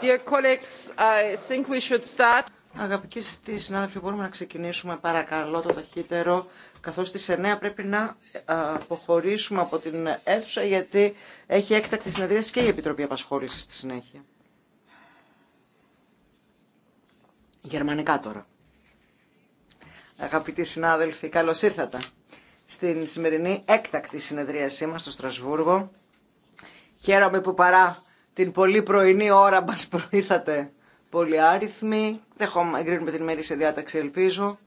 Dear Αγαπητοί συνάδελφοι, μπορούμε να ξεκινήσουμε παρακαλώ το ταχύτερο, καθώς στις 9 πρέπει να ε, αποχωρήσουμε από την αίθουσα, γιατί έχει έκτακτη συνεδρίαση και η Επιτροπή Απασχόλησης στη συνέχεια. Γερμανικά τώρα. Αγαπητοί συνάδελφοι, καλώς ήρθατε στην σημερινή έκτακτη συνεδρίασή μας στο Στρασβούργο. Χαίρομαι που παρά την πολύ πρωινή ώρα μας προήρθατε πολύ άριθμοι. έχω εγκρίνουμε την ημέρη σε διάταξη, ελπίζω.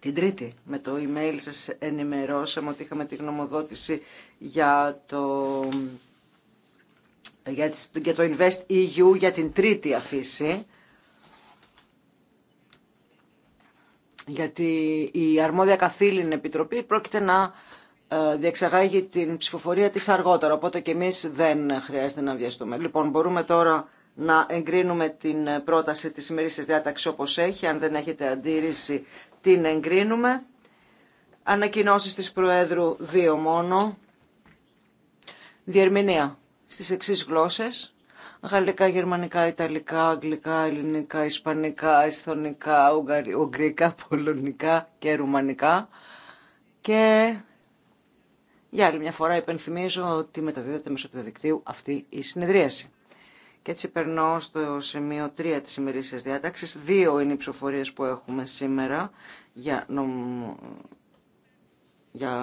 Την Τρίτη με το email σας ενημερώσαμε ότι είχαμε τη γνωμοδότηση για το, για, για το Invest EU για την τρίτη αφήση. Γιατί η αρμόδια καθήλυνη επιτροπή πρόκειται να ε, διεξαγάγει την ψηφοφορία της αργότερα, οπότε και εμείς δεν χρειάζεται να βιαστούμε. Λοιπόν, μπορούμε τώρα να εγκρίνουμε την πρόταση της ημερήσιας διάταξης όπως έχει, αν δεν έχετε αντίρρηση την εγκρίνουμε. Ανακοινώσεις της Προέδρου δύο μόνο. Διερμηνία στις εξής γλώσσες. Γαλλικά, γερμανικά, ιταλικά, αγγλικά, ελληνικά, ισπανικά, εσθονικά, ουγγρικά, πολωνικά και ρουμανικά. Και για άλλη μια φορά υπενθυμίζω ότι μεταδίδεται μέσω του διαδικτύου αυτή η συνεδρίαση. Και έτσι περνώ στο σημείο 3 της ημερήσιας διάταξης. Δύο είναι οι ψηφοφορίες που έχουμε σήμερα για, για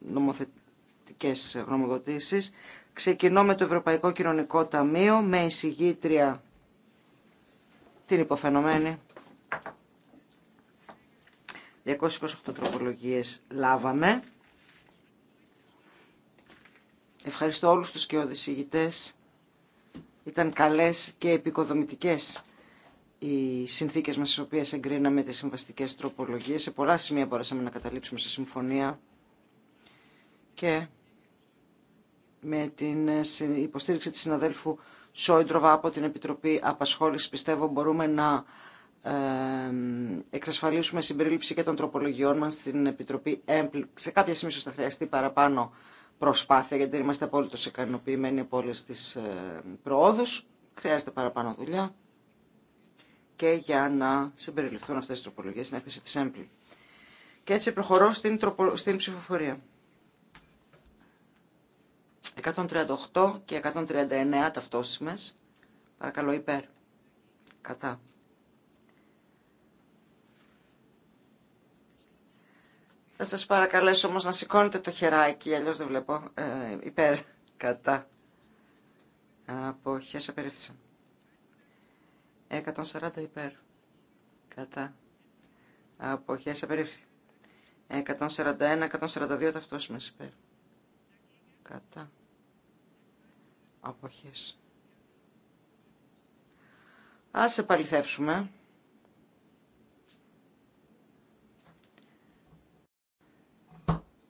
νομοθετικές γνωμοδοτήσεις. Ξεκινώ με το Ευρωπαϊκό Κοινωνικό Ταμείο, με εισηγήτρια την υποφαινομένη. 228 τροπολογίες λάβαμε. Ευχαριστώ όλους τους και ηγητές. Ήταν καλές και επικοδομητικές οι συνθήκες μας στις οποίες εγκρίναμε τις συμβαστικές τροπολογίες. Σε πολλά σημεία μπορέσαμε να καταλήξουμε σε συμφωνία και με την υποστήριξη της συναδέλφου Σόιντροβα από την Επιτροπή Απασχόληση πιστεύω μπορούμε να εξασφαλίσουμε συμπερίληψη και των τροπολογιών μας στην Επιτροπή ΕΜΠΛ. Σε κάποια σημεία θα χρειαστεί παραπάνω προσπάθεια, γιατί δεν είμαστε απόλυτο ικανοποιημένοι από όλε τι ε, προόδου. Χρειάζεται παραπάνω δουλειά και για να συμπεριληφθούν αυτέ τι τροπολογίε στην έκθεση τη ΕΜΠΛΗ. Και έτσι προχωρώ στην, τροπο... στην ψηφοφορία. 138 και 139 ταυτόσημες. Παρακαλώ υπέρ. Κατά. Θα σας παρακαλέσω όμως να σηκώνετε το χεράκι, αλλιώς δεν βλέπω ε, υπέρ, κατά. Αποχές απερίφθησαν. 140 υπέρ, κατά. Αποχές απερίφθη. 141, 142 ταυτόσιμες υπέρ. Κατά. Αποχές. Ας επαληθεύσουμε.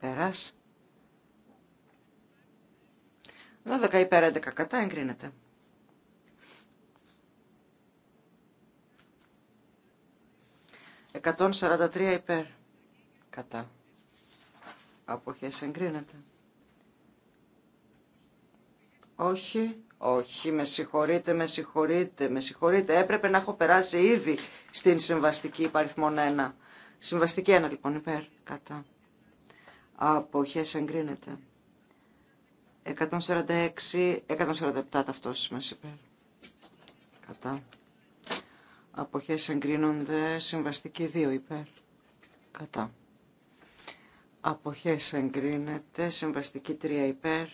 Πέρας. 12 υπέρ 11 κατά εγκρίνεται. Εκατόν υπέρ κατά. Αποχές εγκρίνεται. Όχι, όχι, με συγχωρείτε, με συγχωρείτε, με συγχωρείτε. Έπρεπε να έχω περάσει ήδη στην συμβαστική υπαριθμόν 1. Συμβαστική 1 λοιπόν υπέρ κατά αποχές εγκρίνεται. 146, 147 ταυτός μας υπέρ. Κατά. Αποχές εγκρίνονται συμβαστική 2 υπέρ. Κατά. Αποχές εγκρίνεται συμβαστική 3 υπέρ.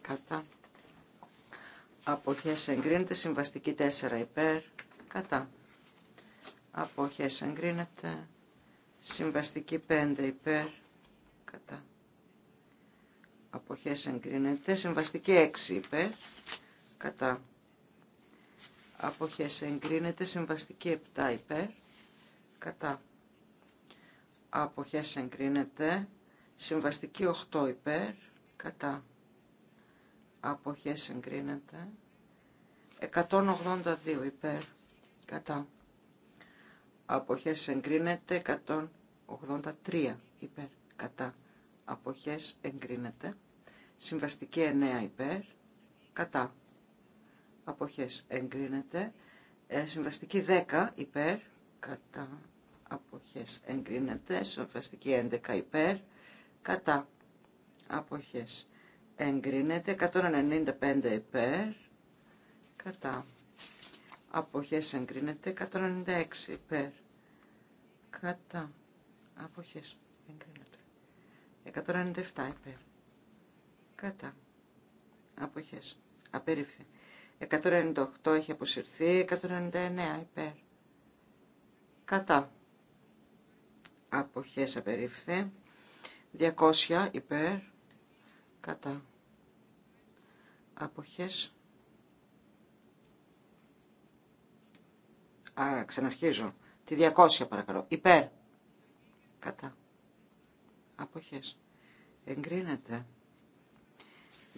Κατά. Αποχές εγκρίνεται συμβαστική 4 υπέρ. Κατά. Αποχές εγκρίνεται συμβαστική 5 υπέρ κατά αποχές εγκρίνεται. Συμβαστική 6 υπέρ κατά αποχές εγκρίνεται. Συμβαστική 7 υπέρ κατά αποχές εγκρίνεται. Συμβαστική 8 υπέρ κατά αποχές εγκρίνεται. 182 υπέρ κατά αποχές εγκρίνεται. 183 υπέρ κατά αποχές εγκρίνεται. Συμβαστική 9 ε, υπέρ, κατά, αποχές εγκρίνεται. συμβαστική 10 υπέρ, κατά, αποχές εγκρίνεται. Συμβαστική 11 υπέρ, κατά, αποχές εγκρίνεται. 195 υπέρ, κατά, αποχές εγκρίνεται. 196 υπέρ, κατά, αποχές εγκρίνεται. 197 υπέρ. Κατά. Αποχές. Απερίφθη. 198 έχει αποσυρθεί. 199 υπέρ. Κατά. Αποχές απερίφθη. 200 υπέρ. Κατά. Αποχές. Α, ξαναρχίζω. Τη 200 παρακαλώ. Υπέρ. Κατά αποχές εγκρίνεται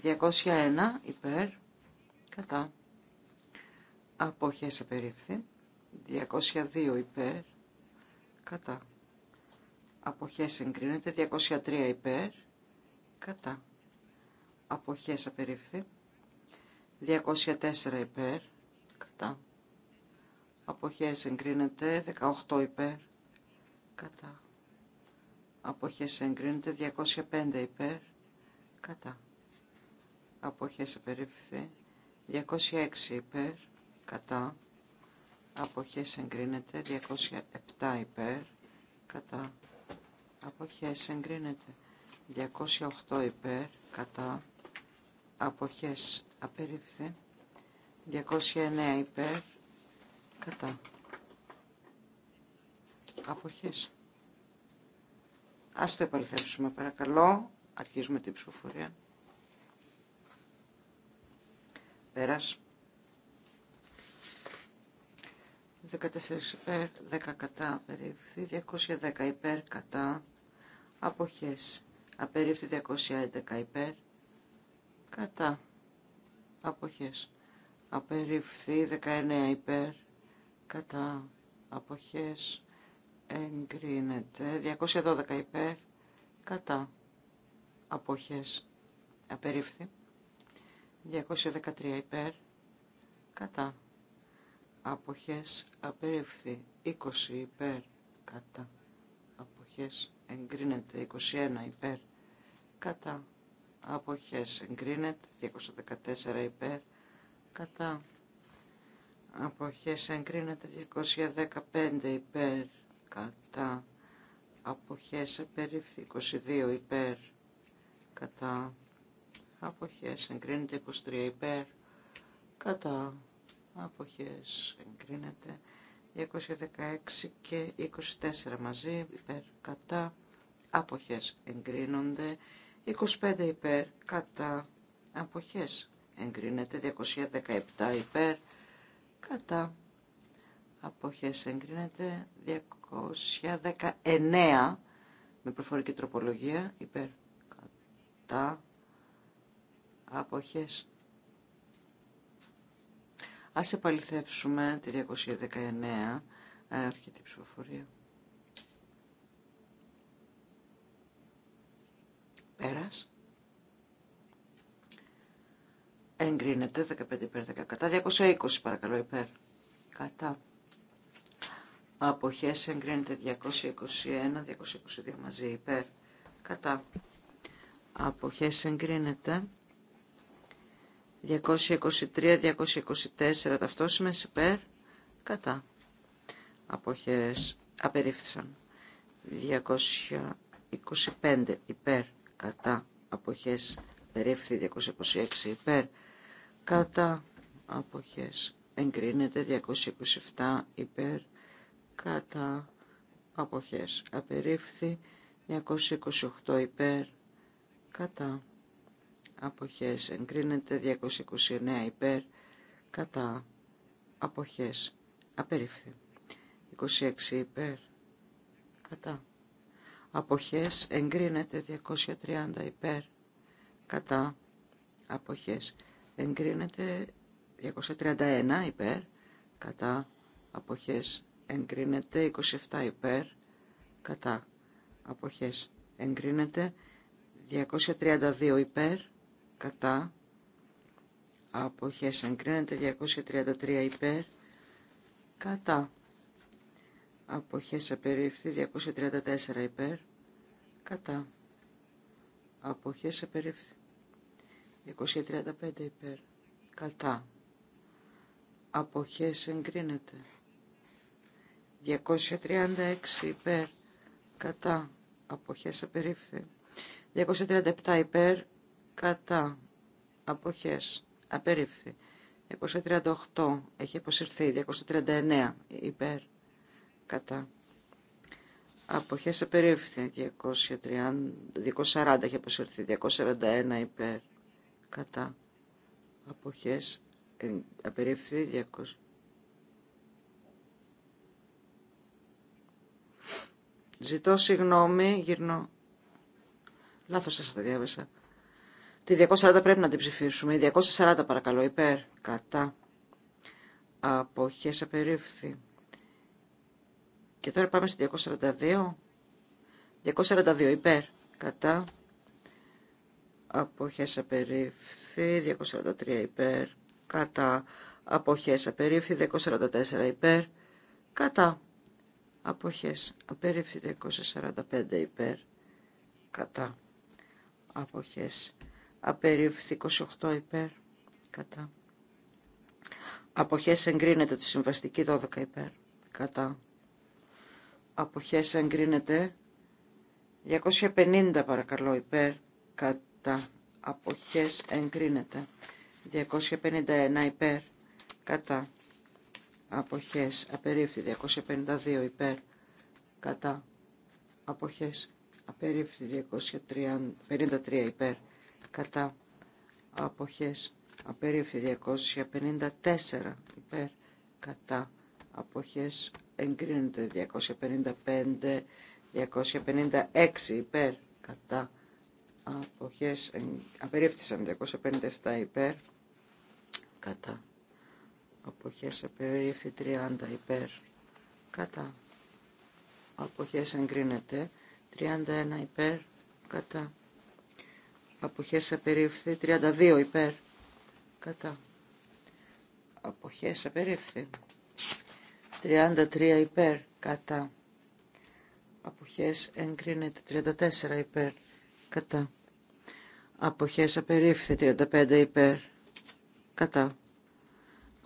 201 υπέρ κατά αποχές απερίφθη 202 υπέρ κατά αποχές εγκρίνεται 203 υπέρ κατά αποχές απερίφθη 204 υπέρ κατά αποχές εγκρίνεται 18 υπέρ κατά αποχές εγκρίνεται 205 υπέρ κατά αποχές απερίφθη 206 υπέρ κατά αποχές εγκρίνεται 207 υπέρ κατά αποχές εγκρίνεται 208 υπέρ κατά αποχές απερίφθη 209 υπέρ κατά αποχές Ας το επαληθεύσουμε παρακαλώ. Αρχίζουμε την ψηφοφορία. Πέρας. 14 υπέρ, 10 κατά, απερίφθη, 210 υπέρ, κατά, αποχές, απερίφθη 211 υπέρ, κατά, αποχές, απερίφθη 19 υπέρ, κατά, αποχές, εγκρίνεται 212 υπέρ κατά αποχές απερίφθη 213 υπέρ κατά αποχές απερίφθη 20 υπέρ κατά αποχές εγκρίνεται 21 υπέρ κατά αποχές εγκρίνεται 214 υπέρ κατά αποχές εγκρίνεται 215 υπέρ κατά αποχές απερίφθη 22 υπέρ κατά αποχές εγκρίνεται 23 υπέρ κατά αποχές εγκρίνεται 216 και 24 μαζί υπέρ κατά αποχές εγκρίνονται 25 υπέρ κατά αποχές εγκρίνεται 217 υπέρ κατά αποχές εγκρίνεται 219 με προφορική τροπολογία υπέρ κατά αποχές Ας επαληθεύσουμε τη 219 Αρχιτεί ψηφοφορία Πέρας Εγκρίνεται 15 υπέρ 10 κατά 220 παρακαλώ υπέρ κατά αποχές εγκρίνεται 221, 222 μαζί υπέρ, κατά αποχές εγκρίνεται 223, 224 ταυτόσημες υπέρ, κατά αποχές απερίφθησαν 225 υπέρ, κατά αποχές απερίφθη 226 υπέρ, κατά αποχές εγκρίνεται 227 υπέρ, κατά αποχές απερίφθη 228 υπέρ κατά αποχές εγκρίνεται 229 υπέρ κατά αποχές απερίφθη 26 υπέρ κατά αποχές εγκρίνεται 230 υπέρ κατά αποχές εγκρίνεται 231 υπέρ κατά αποχές εγκρίνεται 27 υπέρ κατά αποχές εγκρίνεται 232 υπέρ κατά αποχές εγκρίνεται 233 υπέρ κατά αποχές απερίφθη 234 υπέρ κατά αποχές απερίφθη 235 υπέρ κατά αποχές εγκρίνεται 236 υπέρ κατά αποχές απερίφθη 237 υπέρ κατά αποχές απερίφθη 238 έχει αποσυρθεί 239 υπέρ κατά αποχές απερίφθη 230, 240 έχει αποσυρθεί 241 υπέρ κατά αποχές απερίφθη 200 Ζητώ συγγνώμη, γυρνώ. Λάθος σας τα διάβασα. Τη 240 πρέπει να την ψηφίσουμε. Η 240 παρακαλώ, υπέρ, κατά. Αποχέ απερίφθη. Και τώρα πάμε στη 242. 242 υπέρ, κατά. Αποχέ απερίφθη. 243 υπέρ, κατά. Αποχέ απερίφθη. 244 υπέρ, κατά αποχές απερίφθη 245 υπέρ κατά αποχές απερίφθη 28 υπέρ κατά αποχές εγκρίνεται το συμβαστική 12 υπέρ κατά αποχές εγκρίνεται 250 παρακαλώ υπέρ κατά αποχές εγκρίνεται 251 υπέρ κατά αποχές απερίφθη 252 υπέρ κατά αποχές απερίφθη 253 υπέρ κατά αποχές απερίφθη 254 υπέρ κατά αποχές εγκρίνεται 255 256 υπέρ κατά αποχές απερίφθησαν 257 υπέρ κατά αποχές απερίφθη 30 υπέρ κατά αποχές εγκρίνεται 31 υπέρ κατά αποχές απερίφθη 32 υπέρ κατά αποχές απερίφθη 33 υπέρ κατά αποχές εγκρίνεται 34 υπέρ κατά αποχές απερίφθη 35 υπέρ κατά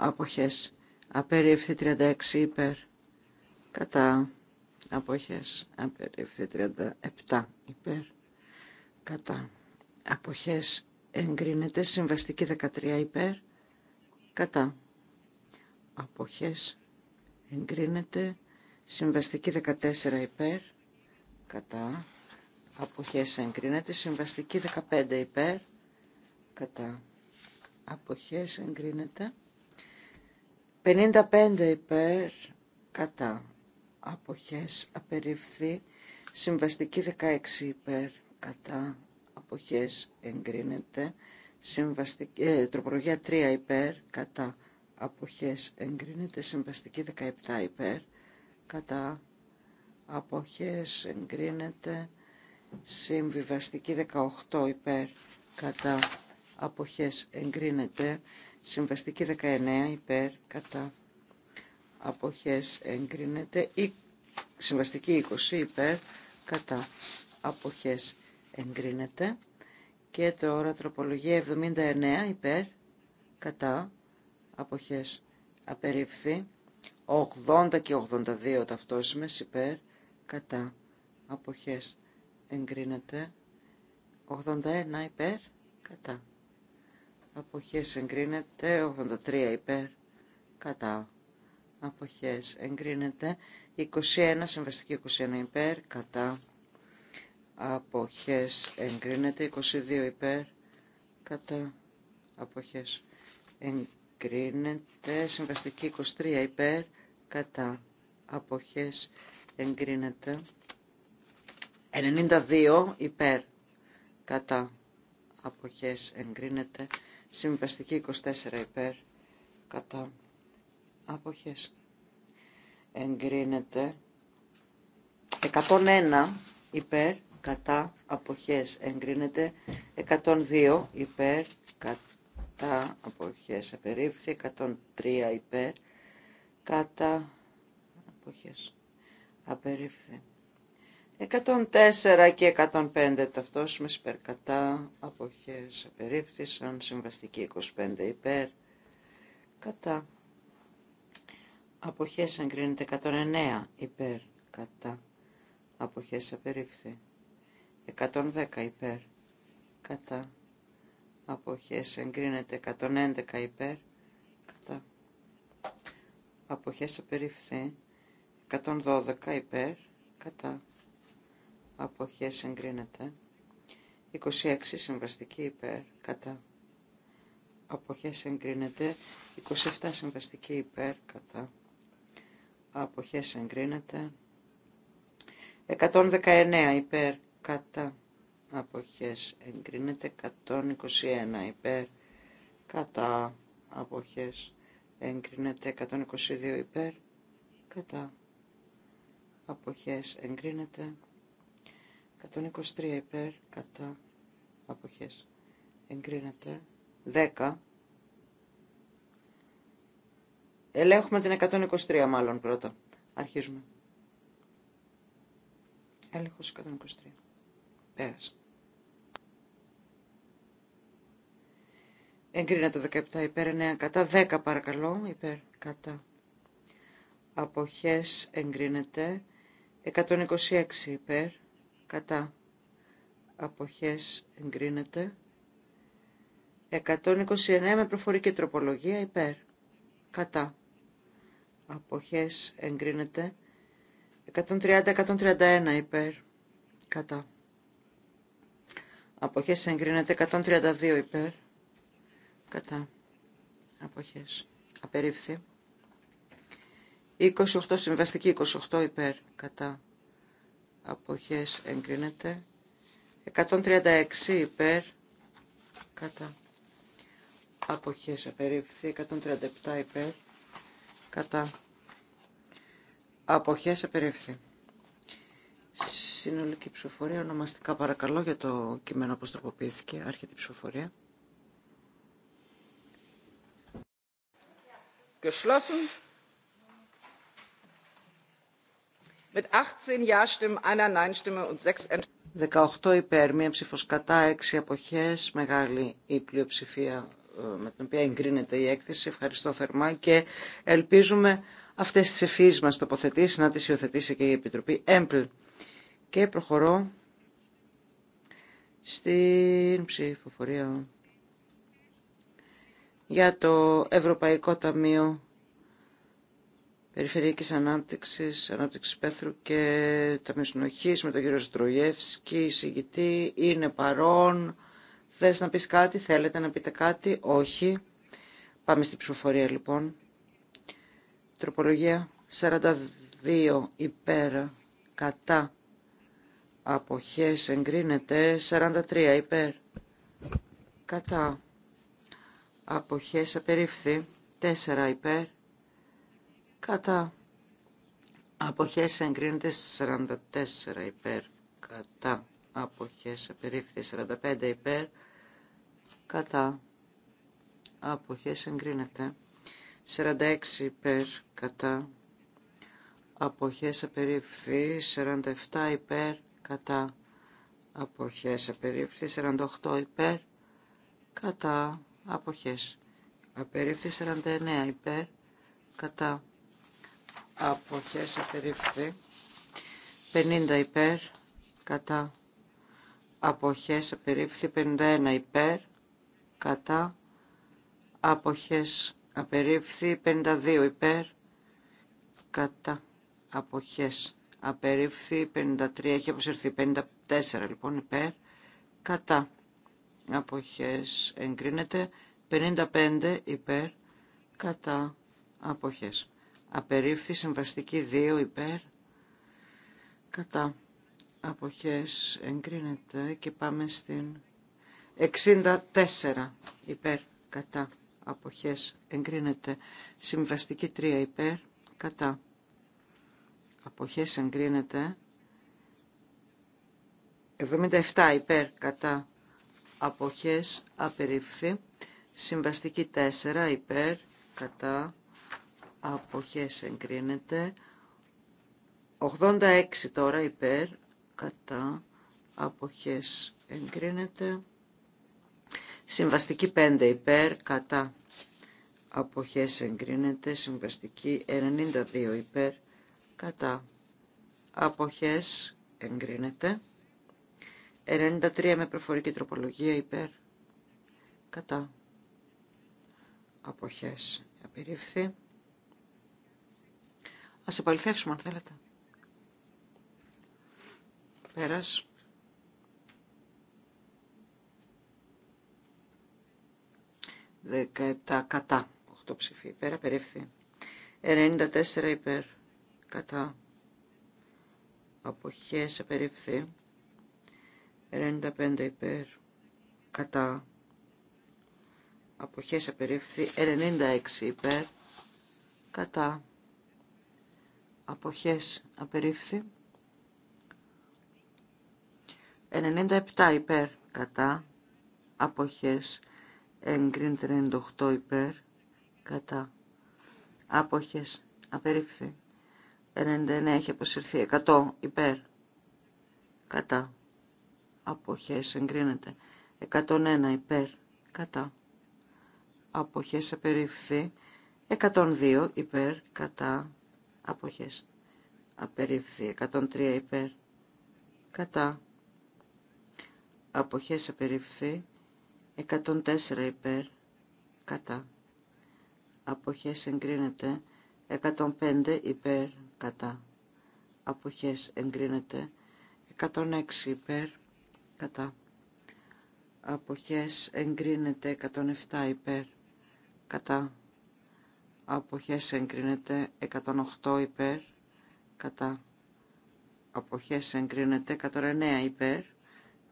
αποχές απερίφθη 36 υπέρ κατά αποχές απερίφθη 37 υπέρ κατά αποχές εγκρίνεται συμβαστική 13 υπέρ κατά αποχές εγκρίνεται συμβαστική 14 υπέρ κατά αποχές εγκρίνεται συμβαστική 15 υπέρ κατά αποχές εγκρίνεται 55 υπέρ κατά αποχές απεριφθεί συμβαστική 16 υπέρ κατά αποχές εγκρίνεται συμβαστική, ε, τροπολογία 3 υπέρ κατά αποχές εγκρίνεται συμβαστική 17 υπέρ κατά αποχές εγκρίνεται συμβιβαστική 18 υπέρ κατά αποχές εγκρίνεται Συμβαστική 19 υπέρ κατά αποχές εγκρίνεται. Η συμβαστική 20 υπέρ κατά αποχές εγκρίνεται. Και τώρα τροπολογία 79 υπέρ κατά αποχές απερίφθη. 80 και 82 ταυτόσιμες υπέρ κατά αποχές εγκρίνεται. 81 υπέρ κατά αποχές εγκρίνεται 83 υπέρ κατά αποχές εγκρίνεται 21 συμβαστική 21 υπέρ κατά αποχές εγκρίνεται 22 υπέρ κατά αποχές εγκρίνεται συμβαστική 23 υπέρ κατά αποχές εγκρίνεται 92 υπέρ κατά αποχές εγκρίνεται Συμβαστική 24 υπέρ κατά αποχές. Εγκρίνεται 101 υπέρ κατά αποχές. Εγκρίνεται 102 υπέρ κατά αποχές. Απερίφθη 103 υπέρ κατά αποχές. Απερίφθη 104 και 105 ταυτόσιμες υπέρ κατά αποχές απερίφθησαν συμβαστική 25 υπέρ κατά αποχές εγκρίνεται 109 υπέρ κατά αποχές απερίφθη 110 υπέρ κατά αποχές εγκρίνεται 111 υπέρ κατά αποχές απερίφθη 112 υπέρ κατά αποχές εγκρίνεται. 26 συμβαστική υπέρ κατά αποχές εγκρίνεται. 27 συμβαστική υπέρ κατά αποχές εγκρίνεται. 119 υπέρ κατά αποχές εγκρίνεται. 121 υπέρ κατά αποχές εγκρίνεται. 122 υπέρ κατά αποχές εγκρίνεται. 123 υπέρ κατά αποχές εγκρίνεται 10 ελέγχουμε την 123 μάλλον πρώτα αρχίζουμε έλεγχος 123 πέρασε εγκρίνεται 17 υπέρ 9 κατά 10 παρακαλώ υπέρ κατά αποχές εγκρίνεται 126 υπέρ κατά αποχές εγκρίνεται 129 με προφορική τροπολογία υπέρ κατά αποχές εγκρίνεται 130-131 υπέρ κατά αποχές εγκρίνεται 132 υπέρ κατά αποχές απερίφθη 28 συμβαστική 28 υπέρ κατά αποχές εγκρίνεται 136 υπέρ κατά αποχές απερίφθη 137 υπέρ κατά αποχές απερίφθη συνολική ψηφοφορία ονομαστικά παρακαλώ για το κείμενο όπως τροποποιήθηκε άρχεται η ψηφοφορία geschlossen 18 υπέρ, μία ψήφος κατά, 6 αποχές, μεγάλη η πλειοψηφία ε, με την οποία εγκρίνεται η έκθεση. Ευχαριστώ θερμά και ελπίζουμε αυτές τις ευφύες μας τοποθετήσεις να τις υιοθετήσει και η Επιτροπή ΕΜΠΛ. Και προχωρώ στην ψηφοφορία για το Ευρωπαϊκό Ταμείο Περιφερειακής Ανάπτυξης, Ανάπτυξης Πέθρου και τα με τον κύριο Στρογεύσκη, εισηγητή, είναι παρόν. Θες να πεις κάτι, θέλετε να πείτε κάτι, όχι. Πάμε στην ψηφοφορία λοιπόν. Τροπολογία 42 υπέρ κατά αποχές εγκρίνεται 43 υπέρ κατά αποχές απερίφθη 4 υπέρ κατά αποχές εγκρίνεται 44 υπέρ κατά αποχές απερίφθη 45 υπέρ κατά αποχές εγκρίνεται 46 υπέρ κατά αποχές απερίφθη 47 υπέρ κατά αποχές απερίφθη 48 υπέρ κατά αποχές απερίφθη 49 υπέρ κατά αποχές απερίφθη 50 υπέρ κατά αποχές απερίφθη 51 υπέρ κατά αποχές απερίφθη 52 υπέρ κατά αποχές απερίφθη 53 έχει αποσυρθεί 54 λοιπόν υπέρ κατά αποχές εγκρίνεται 55 υπέρ κατά αποχές απερίφθη συμβαστική 2 υπέρ κατά αποχές εγκρίνεται και πάμε στην 64 υπέρ κατά αποχές εγκρίνεται συμβαστική 3 υπέρ κατά αποχές εγκρίνεται 77 υπέρ κατά αποχές απερίφθη συμβαστική 4 υπέρ κατά αποχές εγκρίνεται. 86 τώρα υπέρ, κατά, αποχές εγκρίνεται. Συμβαστική 5 υπέρ, κατά, αποχές εγκρίνεται. Συμβαστική 92 υπέρ, κατά, αποχές εγκρίνεται. 93 με προφορική τροπολογία υπέρ, κατά, αποχές απερίφθη. Ας επαληθεύσουμε αν θέλετε. Πέρας. 17 κατά. 8 ψηφί. Πέρα περίφθη. 94 υπέρ. Κατά. Αποχές απερίφθη. 95 υπέρ. Κατά. Αποχές απερίφθει. 96 υπέρ. Κατά αποχές απερίφθη 97 υπέρ κατά αποχές εγκρίνεται 98 υπέρ κατά αποχές απερίφθη 99 έχει αποσυρθεί 100 υπέρ κατά αποχές εγκρίνεται 101 υπέρ κατά αποχές απερίφθη 102 υπέρ κατά αποχές απερίφθη 103 υπέρ κατά αποχές απερίφθη 104 υπέρ κατά αποχές εγκρίνεται 105 υπέρ κατά αποχές εγκρίνεται 106 υπέρ κατά αποχές εγκρίνεται 107 υπέρ κατά αποχές εγκρίνεται 108 υπέρ κατά αποχές εγκρίνεται 109 υπέρ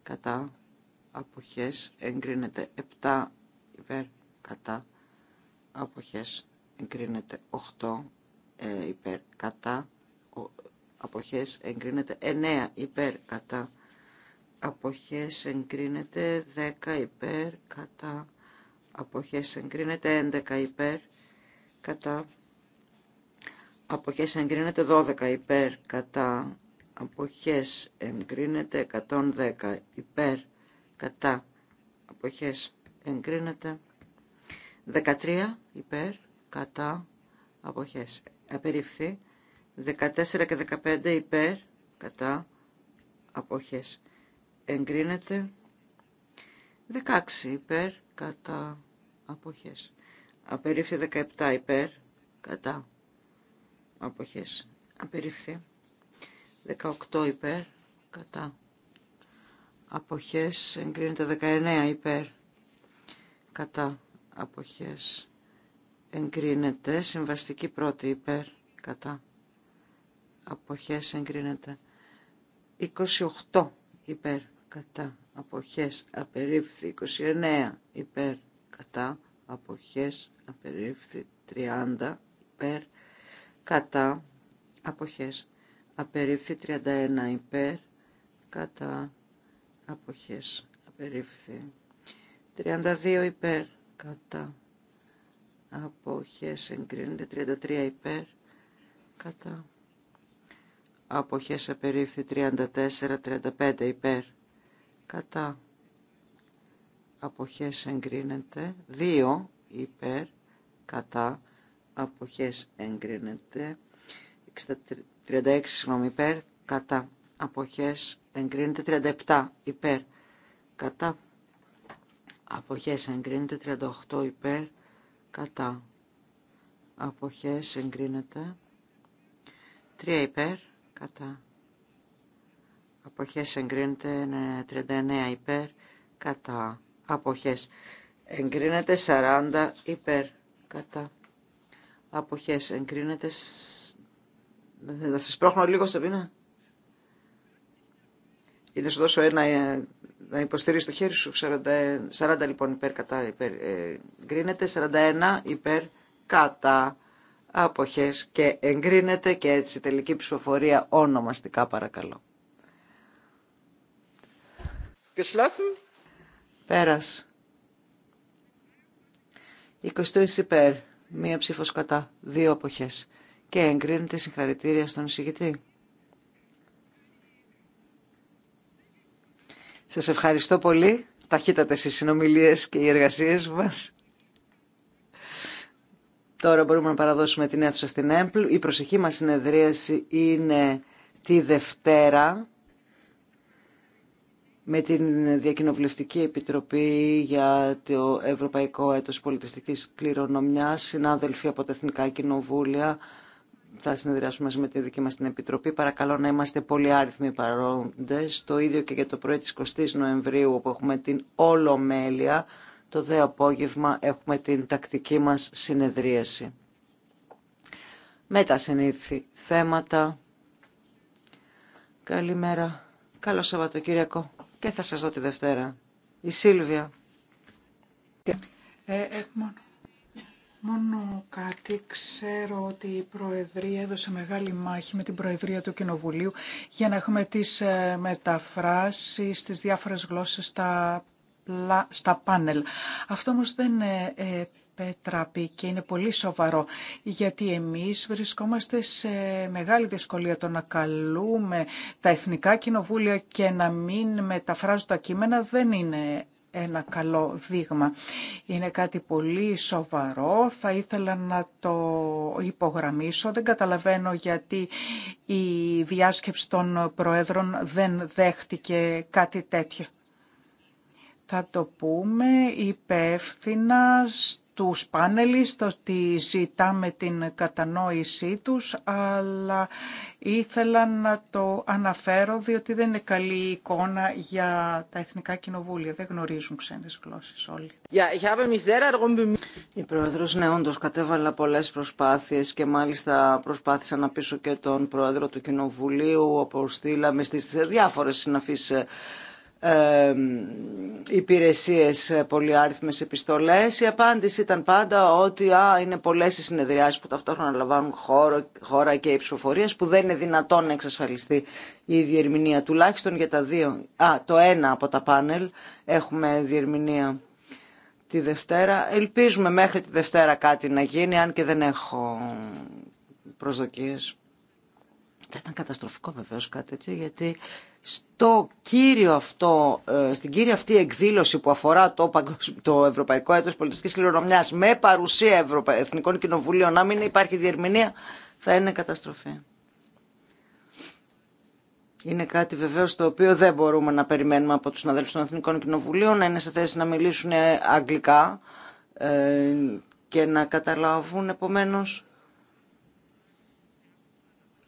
κατά αποχές εγκρίνεται 7 υπέρ κατά αποχές εγκρίνεται 8 ε, υπέρ κατά αποχές εγκρίνεται 9 υπέρ κατά αποχές εγκρίνεται 10 υπέρ κατά αποχές εγκρίνεται 11 υπέρ κατά αποχές εγκρίνεται 12 υπέρ κατά αποχές εγκρίνεται 110 υπέρ κατά αποχές εγκρίνεται 13 υπέρ κατά αποχές απερίφθη 14 και 15 υπέρ κατά αποχές εγκρίνεται 16 υπέρ κατά αποχές Απερίφθη 17 υπέρ. Κατά. Αποχές. Απερίφθη. 18 υπέρ. Κατά. Αποχές. Εγκρίνεται 19 υπέρ. Κατά. Αποχές. Εγκρίνεται. Συμβαστική πρώτη υπέρ. Κατά. Αποχές. Εγκρίνεται. 28 υπέρ. Κατά. Αποχές. Απερίφθη. 29 υπέρ. Κατά αποχές απερίφθη 30 υπέρ κατά αποχές απερίφθη 31 υπέρ κατά αποχές απερίφθη 32 υπέρ κατά αποχές εγκρίνεται 33 υπέρ κατά αποχές απερίφθη 34 35 υπέρ κατά αποχές εγκρίνεται. 2 υπέρ κατά αποχές εγκρίνεται. 36 συγγνώμη υπέρ κατά αποχές εγκρίνεται. 37 υπέρ κατά αποχές εγκρίνεται. 38 υπέρ κατά αποχές εγκρίνεται. 3 υπέρ κατά αποχές εγκρίνεται. 39 ναι, ναι, ναι, υπέρ κατά αποχές. Εγκρίνεται 40 υπέρ κατά αποχές. Εγκρίνεται... Να σας πρόχνω λίγο σε Ή να σου δώσω ένα ε, να υποστηρίζει το χέρι σου. 40, 40 ε, λοιπόν υπέρ κατά υπέρ. Ε, εγκρίνεται 41 υπέρ κατά αποχές και εγκρίνεται και έτσι τελική ψηφοφορία ονομαστικά παρακαλώ. Geschlossen. Πέρας. 20 υπέρ, μία ψήφος κατά, δύο αποχές. Και εγκρίνεται συγχαρητήρια στον εισηγητή. Σας ευχαριστώ πολύ. Ταχύτατε οι συνομιλίες και οι εργασίες μας. Τώρα μπορούμε να παραδώσουμε την αίθουσα στην ΕΜΠΛ. Η προσεχή μας συνεδρίαση είναι τη Δευτέρα με την Διακοινοβουλευτική Επιτροπή για το Ευρωπαϊκό Έτος Πολιτιστικής Κληρονομιάς, συνάδελφοι από τα Εθνικά Κοινοβούλια, θα συνεδριάσουμε μαζί με τη δική μας την Επιτροπή. Παρακαλώ να είμαστε πολύ άριθμοι παρόντες. Το ίδιο και για το πρωί της 20ης Νοεμβρίου όπου έχουμε την Ολομέλεια. Το δε απόγευμα έχουμε την τακτική μας συνεδρίαση. Με τα συνήθι θέματα. Καλημέρα. Καλό Σαββατοκύριακο και θα σας δω τη Δευτέρα. Η Σίλβια. Ε, ε, μόνο, μόνο κάτι. Ξέρω ότι η Προεδρία έδωσε μεγάλη μάχη με την Προεδρία του Κοινοβουλίου για να έχουμε τις ε, μεταφράσεις στις διάφορες γλώσσες στα, στα πάνελ. Αυτό όμως δεν ε, ε, επέτραπη και είναι πολύ σοβαρό γιατί εμείς βρισκόμαστε σε μεγάλη δυσκολία το να καλούμε τα εθνικά κοινοβούλια και να μην μεταφράζουν τα κείμενα δεν είναι ένα καλό δείγμα. Είναι κάτι πολύ σοβαρό, θα ήθελα να το υπογραμμίσω. Δεν καταλαβαίνω γιατί η διάσκεψη των Προέδρων δεν δέχτηκε κάτι τέτοιο. Θα το πούμε υπεύθυνα στο τους το ότι ζητάμε την κατανόησή τους, αλλά ήθελα να το αναφέρω διότι δεν είναι καλή εικόνα για τα εθνικά κοινοβούλια. Δεν γνωρίζουν ξένες γλώσσες όλοι. Η Πρόεδρος, ναι, όντως κατέβαλα πολλές προσπάθειες και μάλιστα προσπάθησα να πείσω και τον Πρόεδρο του Κοινοβουλίου, όπως στείλαμε στις διάφορες συναφείς ε, ε, υπηρεσίες πολυάριθμες επιστολές. Η απάντηση ήταν πάντα ότι α, είναι πολλές οι συνεδριάσεις που ταυτόχρονα λαμβάνουν χώρα και οι που δεν είναι δυνατόν να εξασφαλιστεί η διερμηνία. Τουλάχιστον για τα δύο, α, το ένα από τα πάνελ έχουμε διερμηνία τη Δευτέρα. Ελπίζουμε μέχρι τη Δευτέρα κάτι να γίνει, αν και δεν έχω προσδοκίες. Θα ήταν καταστροφικό βεβαίως κάτι τέτοιο, γιατί στο κύριο αυτό, ε, στην κύρια αυτή εκδήλωση που αφορά το, το Ευρωπαϊκό Έτος Πολιτιστικής Κληρονομιάς με παρουσία Ευρωπα... Εθνικών Κοινοβουλίων να μην υπάρχει διερμηνία θα είναι καταστροφή. Είναι κάτι βεβαίως το οποίο δεν μπορούμε να περιμένουμε από τους συναδέλφους των Εθνικών Κοινοβουλίων να είναι σε θέση να μιλήσουν αγγλικά ε, και να καταλάβουν επομένως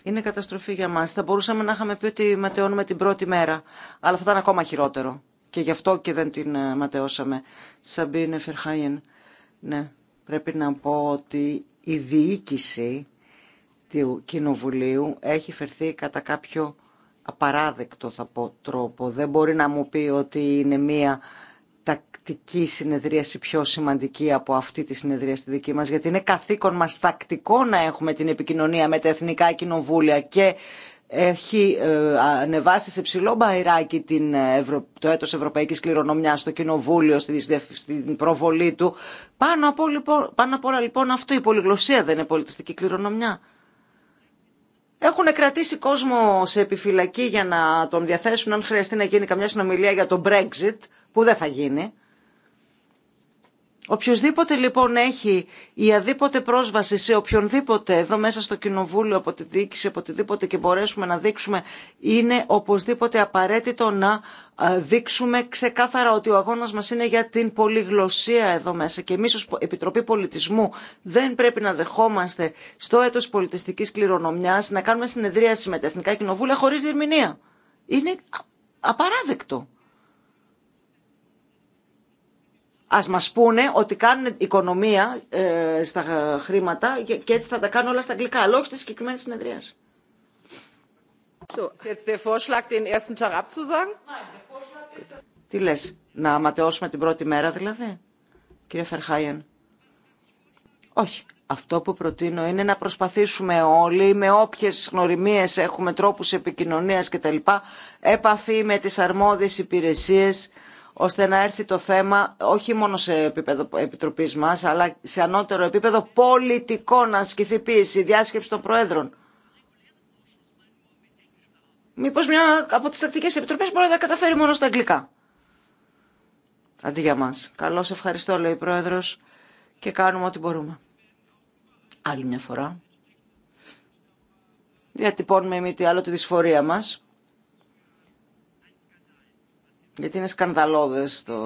είναι καταστροφή για μας. Θα μπορούσαμε να είχαμε πει ότι ματαιώνουμε την πρώτη μέρα. Αλλά θα ήταν ακόμα χειρότερο. Και γι' αυτό και δεν την ε, ματαιώσαμε. Σαμπίνε Φερχάιεν. Ναι, πρέπει να πω ότι η διοίκηση του Κοινοβουλίου έχει φερθεί κατά κάποιο απαράδεκτο θα πω τρόπο. Δεν μπορεί να μου πει ότι είναι μία τακτική συνεδρίαση πιο σημαντική από αυτή τη συνεδρία στη δική μας, γιατί είναι καθήκον μας τακτικό να έχουμε την επικοινωνία με τα εθνικά κοινοβούλια και έχει ε, ανεβάσει σε ψηλό μπαϊράκι την, ε, το έτος Ευρωπαϊκής Κληρονομιάς στο Κοινοβούλιο, στην προβολή του. Πάνω από, λοιπόν, πάνω από όλα λοιπόν αυτό η πολυγλωσία δεν είναι πολιτιστική κληρονομιά. Έχουν κρατήσει κόσμο σε επιφυλακή για να τον διαθέσουν αν χρειαστεί να γίνει καμιά συνομιλία για το Brexit που δεν θα γίνει. Οποιοςδήποτε λοιπόν έχει η αδίποτε πρόσβαση σε οποιονδήποτε εδώ μέσα στο κοινοβούλιο, από τη διοίκηση, από οτιδήποτε και μπορέσουμε να δείξουμε, είναι οπωσδήποτε απαραίτητο να δείξουμε ξεκάθαρα ότι ο αγώνας μας είναι για την πολυγλωσία εδώ μέσα και εμείς ως Επιτροπή Πολιτισμού δεν πρέπει να δεχόμαστε στο έτος πολιτιστικής κληρονομιάς να κάνουμε συνεδρίαση με τα Εθνικά Κοινοβούλια χωρίς διερμηνία. Είναι απαράδεκτο. ας μας πούνε ότι κάνουν οικονομία ε, στα χρήματα και έτσι θα τα κάνουν όλα στα αγγλικά, αλλά όχι στη συγκεκριμένη συνεδρία. Τι λες, να ματαιώσουμε την πρώτη μέρα δηλαδή, κύριε Φερχάιεν. Όχι. Αυτό που προτείνω είναι να προσπαθήσουμε όλοι με όποιες γνωριμίες έχουμε τρόπους επικοινωνίας κτλ. Επαφή με τις αρμόδιες υπηρεσίες ώστε να έρθει το θέμα όχι μόνο σε επίπεδο επιτροπής μας, αλλά σε ανώτερο επίπεδο πολιτικό να ασκηθεί πίεση, διάσκεψη των Προέδρων. Μήπως μια από τις τακτικές επιτροπές μπορεί να τα καταφέρει μόνο στα αγγλικά. Αντί για μας. Καλώς ευχαριστώ, λέει ο Πρόεδρος, και κάνουμε ό,τι μπορούμε. Άλλη μια φορά. Διατυπώνουμε εμεί τι άλλο τη δυσφορία μας γιατί είναι σκανδαλώδες το...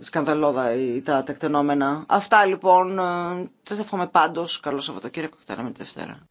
Σκανδαλώδα ή τα τεκτενόμενα. Αυτά λοιπόν. Ε, θα εύχομαι πάντως. Καλό Σαββατοκύριακο και τα λέμε τη Δευτέρα.